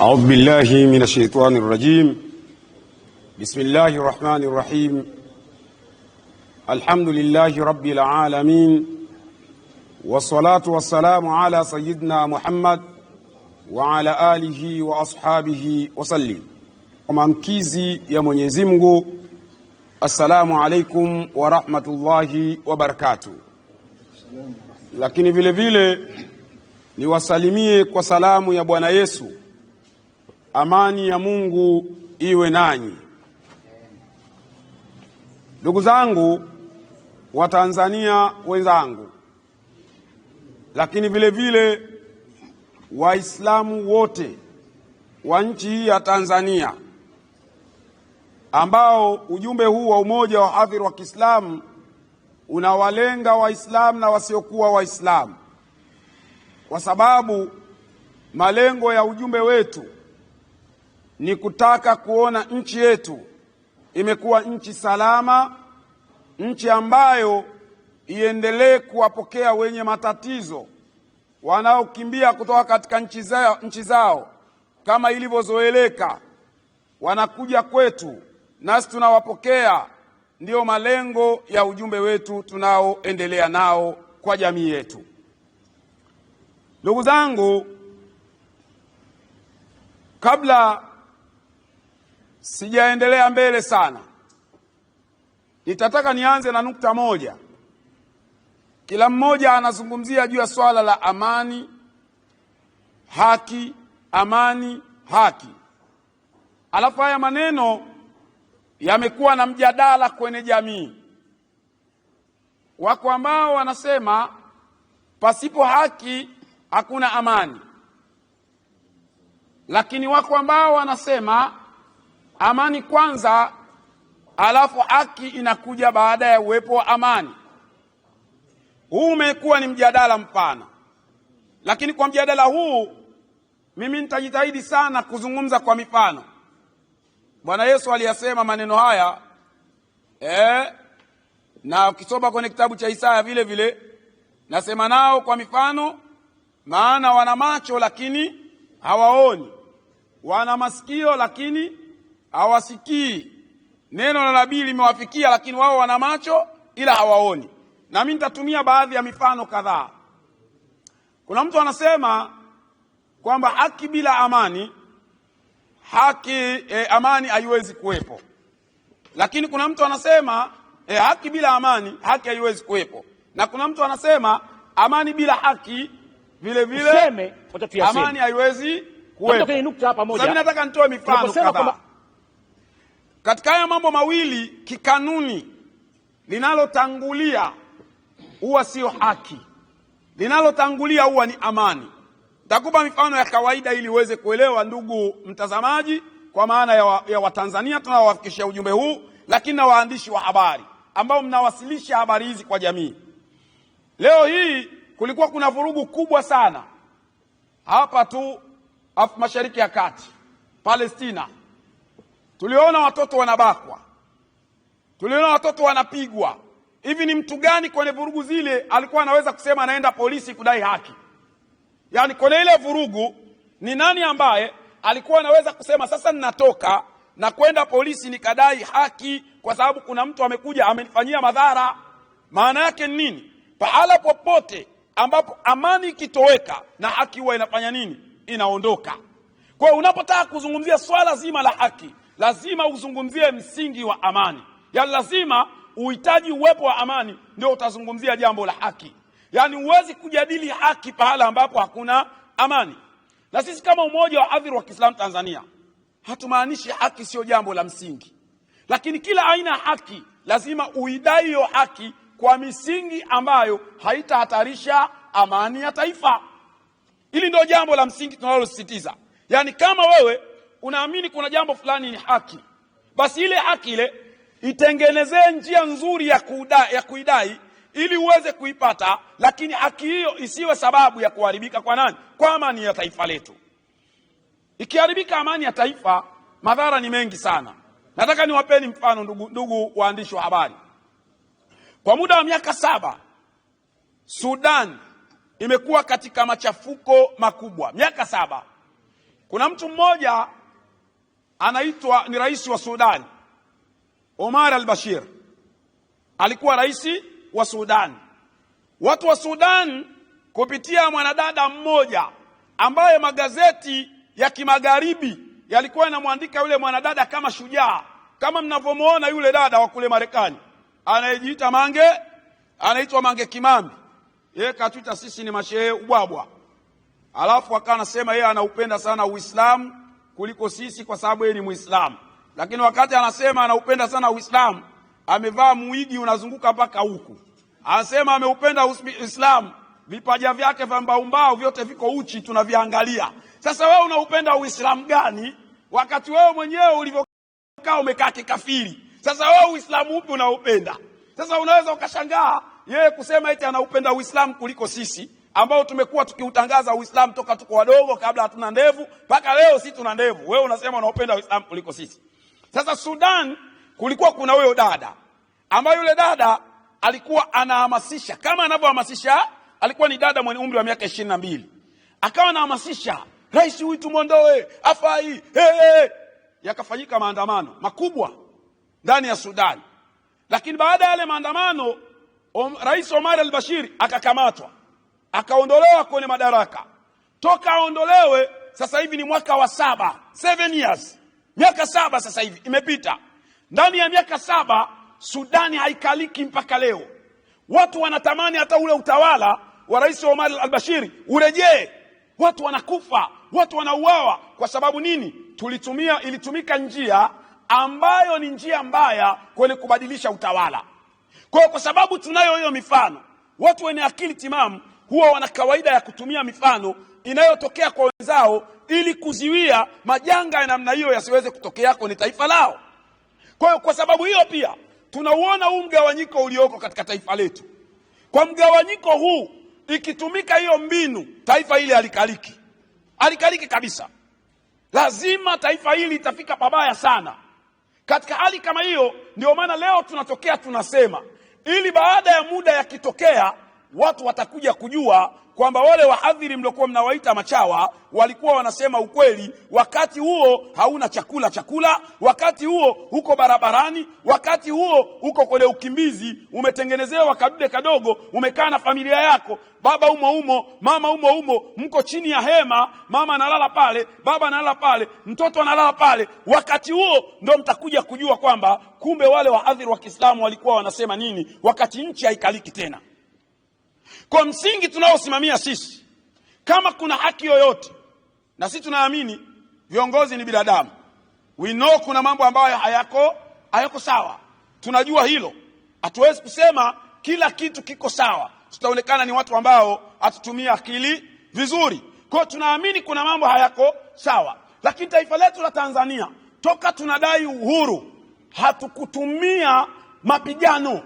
أعوذ بالله من الشيطان الرجيم بسم الله الرحمن الرحيم الحمد لله رب العالمين والصلاة والسلام على سيدنا محمد وعلى آله وأصحابه وسلم Maamkizi ya Mwenyezi Mungu. Assalamu alaikum wa rahmatullahi wa barakatuh. Lakini vile Niwasalimie kwa salamu ya Bwana Yesu. Amani ya Mungu iwe nanyi. Ndugu zangu Watanzania wenzangu, lakini vile vile Waislamu wote wa nchi hii ya Tanzania ambao ujumbe huu wa umoja wa hadhir wa Kiislamu unawalenga Waislamu na wasiokuwa Waislamu kwa sababu malengo ya ujumbe wetu ni kutaka kuona nchi yetu imekuwa nchi salama, nchi ambayo iendelee kuwapokea wenye matatizo wanaokimbia kutoka katika nchi zao, nchi zao kama ilivyozoeleka wanakuja kwetu nasi tunawapokea. Ndiyo malengo ya ujumbe wetu tunaoendelea nao kwa jamii yetu. Ndugu zangu, kabla sijaendelea mbele sana, nitataka nianze na nukta moja. Kila mmoja anazungumzia juu ya swala la amani, haki, amani, haki. Alafu haya maneno yamekuwa na mjadala kwenye jamii. Wako ambao wanasema pasipo haki hakuna amani. Lakini wako ambao wanasema amani kwanza, alafu haki inakuja baada ya uwepo wa amani. Huu umekuwa ni mjadala mpana, lakini kwa mjadala huu mimi nitajitahidi sana kuzungumza kwa mifano. Bwana Yesu aliyasema maneno haya eh, na ukisoma kwenye kitabu cha Isaya vile vile, nasema nao kwa mifano maana wana macho lakini hawaoni, wana masikio lakini hawasikii. Neno la nabii limewafikia, lakini wao wana macho ila hawaoni. Na mimi nitatumia baadhi ya mifano kadhaa. Kuna mtu anasema kwamba haki bila amani haki e, amani haiwezi kuwepo, lakini kuna mtu anasema e, haki bila amani haki haiwezi kuwepo, na kuna mtu anasema amani bila haki vile vile useme amani haiwezi kuwepo. nataka nitoe mifano kadhaa katika haya mambo mawili. Kikanuni, linalotangulia huwa sio haki, linalotangulia huwa ni amani. Nitakupa mifano ya kawaida ili uweze kuelewa, ndugu mtazamaji, kwa maana ya Watanzania wa ujumbe huu, lakini na waandishi wa habari ambao mnawasilisha habari hizi kwa jamii leo hii kulikuwa kuna vurugu kubwa sana hapa tu mashariki ya kati Palestina. Tuliona watoto wanabakwa, tuliona watoto wanapigwa. Hivi ni mtu gani kwenye vurugu zile alikuwa anaweza kusema anaenda polisi kudai haki? Yaani kwenye ile vurugu ni nani ambaye alikuwa anaweza kusema sasa ninatoka na kwenda polisi nikadai haki, kwa sababu kuna mtu amekuja amenifanyia madhara? Maana yake ni nini? Pahala popote ambapo amani ikitoweka na haki huwa inafanya nini? Inaondoka. Kwa hiyo unapotaka kuzungumzia swala zima la haki, lazima uzungumzie msingi wa amani, yaani lazima uhitaji uwepo wa amani, ndio utazungumzia jambo la haki. Yaani huwezi kujadili haki pahala ambapo hakuna amani. Na sisi kama Umoja wa Hadhir wa Kiislamu Tanzania hatumaanishi haki sio jambo la msingi, lakini kila aina ya haki lazima uidai hiyo haki kwa misingi ambayo haitahatarisha amani ya taifa. Hili ndio jambo la msingi tunalosisitiza. Yaani, kama wewe unaamini kuna jambo fulani ni haki, basi ile haki ile itengenezee njia nzuri ya kudai, ya kuidai ili uweze kuipata, lakini haki hiyo isiwe sababu ya kuharibika kwa nani? Kwa amani ya taifa letu. Ikiharibika amani ya taifa, madhara ni mengi sana. Nataka niwapeni mfano, ndugu, ndugu waandishi wa habari. Kwa muda wa miaka saba Sudan imekuwa katika machafuko makubwa, miaka saba. Kuna mtu mmoja anaitwa ni rais wa Sudan, Omar al-Bashir alikuwa rais wa Sudan. Watu wa Sudan kupitia mwanadada mmoja ambaye magazeti ya kimagharibi yalikuwa yanamwandika yule mwanadada kama shujaa, kama mnavyomwona yule dada wa kule Marekani anayejiita Mange anaitwa Mange Kimambi, yeye katuita sisi ni mashehe ubwabwa, alafu akawa anasema yeye anaupenda sana Uislamu kuliko sisi kwa sababu yeye ni Muislamu. Lakini wakati anasema anaupenda sana Uislamu, amevaa mwigi unazunguka mpaka huku. Anasema ameupenda Uislamu, vipaja vyake vya mbaumbao vyote viko uchi, tunaviangalia. Sasa wewe unaupenda Uislamu gani wakati wewe mwenyewe ulivyokaa umekaa kikafiri? Sasa wewe Uislamu upi unaupenda? Sasa unaweza ukashangaa yeye kusema eti anaupenda Uislamu kuliko sisi ambao tumekuwa tukiutangaza Uislamu toka tuko wadogo, kabla hatuna ndevu mpaka leo, si tuna ndevu. Wewe unasema unaupenda Uislamu kuliko sisi. Sasa Sudan kulikuwa kuna huyo dada ambaye yule dada alikuwa anahamasisha kama anavyohamasisha, alikuwa ni dada mwenye umri wa miaka ishirini na mbili, akawa anahamasisha rais huyu tumwondoe, afai. Hey, hey. Yakafanyika maandamano makubwa ndani ya Sudan. Lakini baada ya yale maandamano um, Rais Omar al-Bashir akakamatwa akaondolewa kwenye madaraka. Toka aondolewe sasa hivi ni mwaka wa saba, seven years, miaka saba sasa hivi imepita. Ndani ya miaka saba Sudani haikaliki mpaka leo. Watu wanatamani hata ule utawala wa Rais Omar al-Bashir urejee. Watu wanakufa, watu wanauawa. Kwa sababu nini? Tulitumia, ilitumika njia ambayo ni njia mbaya kwenye kubadilisha utawala. Kwa kwa sababu tunayo hiyo mifano, watu wenye akili timamu huwa wana kawaida ya kutumia mifano inayotokea kwa wenzao ili kuziwia majanga ya namna hiyo yasiweze kutokea kwenye taifa lao. Kwa hiyo kwa sababu hiyo pia tunauona huu mgawanyiko ulioko katika taifa letu. Kwa mgawanyiko huu, ikitumika hiyo mbinu, taifa hili halikaliki, halikaliki kabisa. Lazima taifa hili itafika pabaya sana. Katika hali kama hiyo, ndio maana leo tunatokea tunasema, ili baada ya muda yakitokea, watu watakuja kujua kwamba wale wahadhiri mliokuwa mnawaita machawa walikuwa wanasema ukweli. Wakati huo hauna chakula chakula, wakati huo huko barabarani, wakati huo huko kwenye ukimbizi, umetengenezewa kadude kadogo, umekaa na familia yako, baba umo umo, mama umo umo, mko chini ya hema, mama analala pale, baba analala pale, mtoto analala pale. Wakati huo ndo mtakuja kujua kwamba kumbe wale wahadhiri wa Kiislamu walikuwa wanasema nini, wakati nchi haikaliki tena. Kwa msingi tunaosimamia sisi, kama kuna haki yoyote, na sisi tunaamini viongozi ni binadamu, we know kuna mambo ambayo hayako hayako sawa, tunajua hilo. Hatuwezi kusema kila kitu kiko sawa, tutaonekana ni watu ambao hatutumia akili vizuri. Kwa hiyo tunaamini kuna mambo hayako sawa, lakini taifa letu la Tanzania toka tunadai uhuru hatukutumia mapigano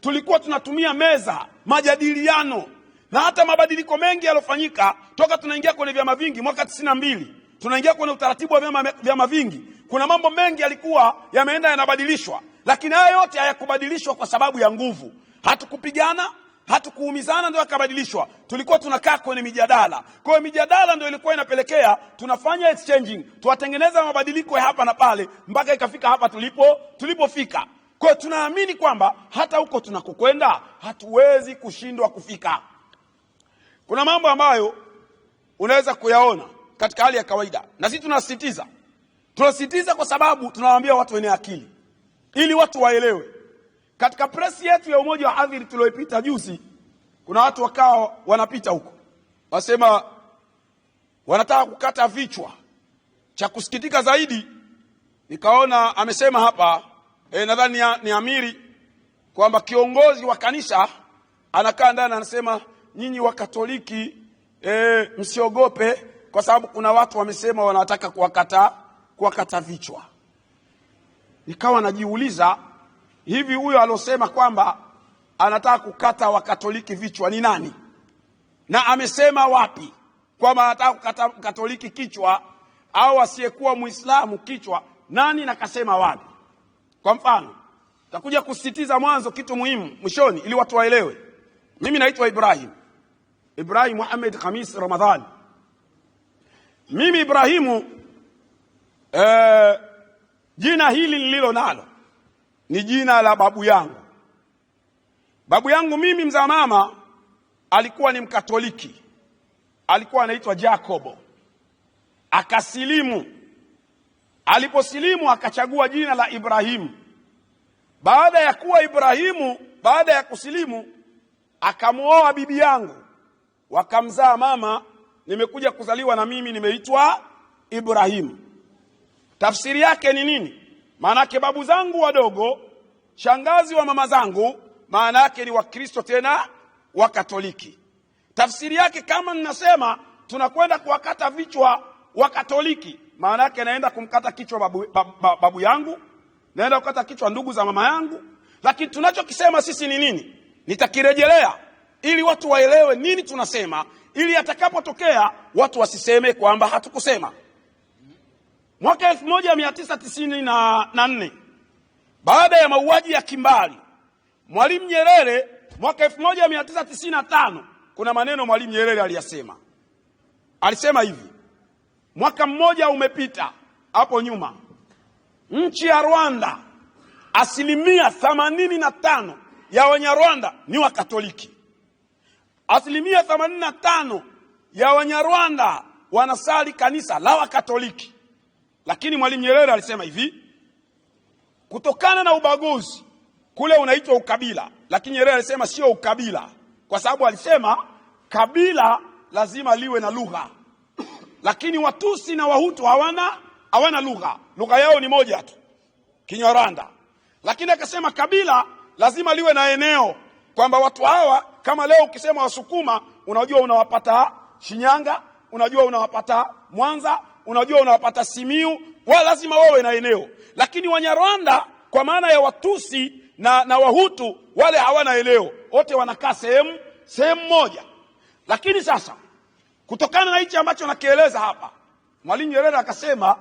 tulikuwa tunatumia meza, majadiliano na hata mabadiliko mengi yaliyofanyika toka tunaingia kwenye vyama vingi mwaka tisini na mbili tunaingia kwenye utaratibu wa vyama, vyama vingi. Kuna mambo mengi yalikuwa yameenda yanabadilishwa, lakini haya yote hayakubadilishwa kwa sababu ya nguvu. Hatukupigana, hatukuumizana, ndio yakabadilishwa. Tulikuwa tunakaa kwenye mijadala. Kwa hiyo mijadala ndio ilikuwa inapelekea tunafanya exchanging, tuwatengeneza mabadiliko ya hapa na pale mpaka ikafika hapa tulipo tulipofika. Kwa tunaamini kwamba hata huko tunakokwenda hatuwezi kushindwa kufika. Kuna mambo ambayo unaweza kuyaona katika hali ya kawaida, na sisi tunasisitiza, tunasisitiza kwa sababu tunawaambia watu wenye akili ili watu waelewe. Katika presi yetu ya umoja wa adhiri tulioipita juzi, kuna watu wakawa wanapita huko wasema wanataka kukata vichwa. Cha kusikitika zaidi, nikaona amesema hapa e, nadhani ni amiri kwamba kiongozi wa kanisa anakaa ndani anasema nyinyi Wakatoliki e, eh, msiogope kwa sababu kuna watu wamesema wanataka kuwakata kuwakata vichwa. Nikawa najiuliza hivi, huyo alosema kwamba anataka kukata Wakatoliki vichwa ni nani, na amesema wapi kwamba anataka kukata Katoliki kichwa au asiyekuwa Muislamu kichwa? Nani nakasema wapi? Kwa mfano, takuja kusisitiza mwanzo kitu muhimu mwishoni, ili watu waelewe. Mimi naitwa Ibrahim, Ibrahim Muhammad Khamis ramadhan Mimi Ibrahimu eh, jina hili nililo nalo ni jina la babu yangu. Babu yangu mimi mzaa mama alikuwa ni Mkatoliki, alikuwa anaitwa Jacobo, akasilimu aliposilimu akachagua jina la Ibrahimu baada ya kuwa Ibrahimu baada ya kusilimu akamwoa bibi yangu wakamzaa mama nimekuja kuzaliwa na mimi nimeitwa Ibrahimu tafsiri yake ni nini yake babu zangu wadogo shangazi wa mama zangu maana yake ni wakristo tena wa katoliki tafsiri yake kama ninasema tunakwenda kuwakata vichwa wa katoliki maana yake naenda kumkata kichwa babu, babu, babu yangu, naenda kukata kichwa ndugu za mama yangu. Lakini tunachokisema sisi ni nini? Nitakirejelea ili watu waelewe nini tunasema, ili atakapotokea watu wasiseme kwamba hatukusema. Mwaka 1994 baada ya mauaji ya kimbali Mwalimu Nyerere mwaka 1995 kuna maneno Mwalimu Nyerere aliyasema, alisema hivi Mwaka mmoja umepita hapo nyuma, nchi ya Rwanda asilimia themanini na tano ya Wanyarwanda ni Wakatoliki, asilimia themanini na tano ya Wanyarwanda wanasali kanisa la Wakatoliki. Lakini Mwalimu Nyerere alisema hivi, kutokana na ubaguzi kule unaitwa ukabila, lakini Nyerere alisema sio ukabila, kwa sababu alisema kabila lazima liwe na lugha lakini Watusi na Wahutu hawana hawana lugha, lugha yao ni moja tu Kinyarwanda. Lakini akasema kabila lazima liwe na eneo, kwamba watu hawa kama leo ukisema Wasukuma unajua unawapata Shinyanga, unajua unawapata Mwanza, unajua unawapata Simiu, wa lazima wawe na eneo. Lakini Wanyarwanda kwa maana ya Watusi na, na Wahutu wale hawana eneo, wote wanakaa sehemu sehemu moja. Lakini sasa Kutokana na hichi ambacho nakieleza hapa, Mwalimu Nyerere akasema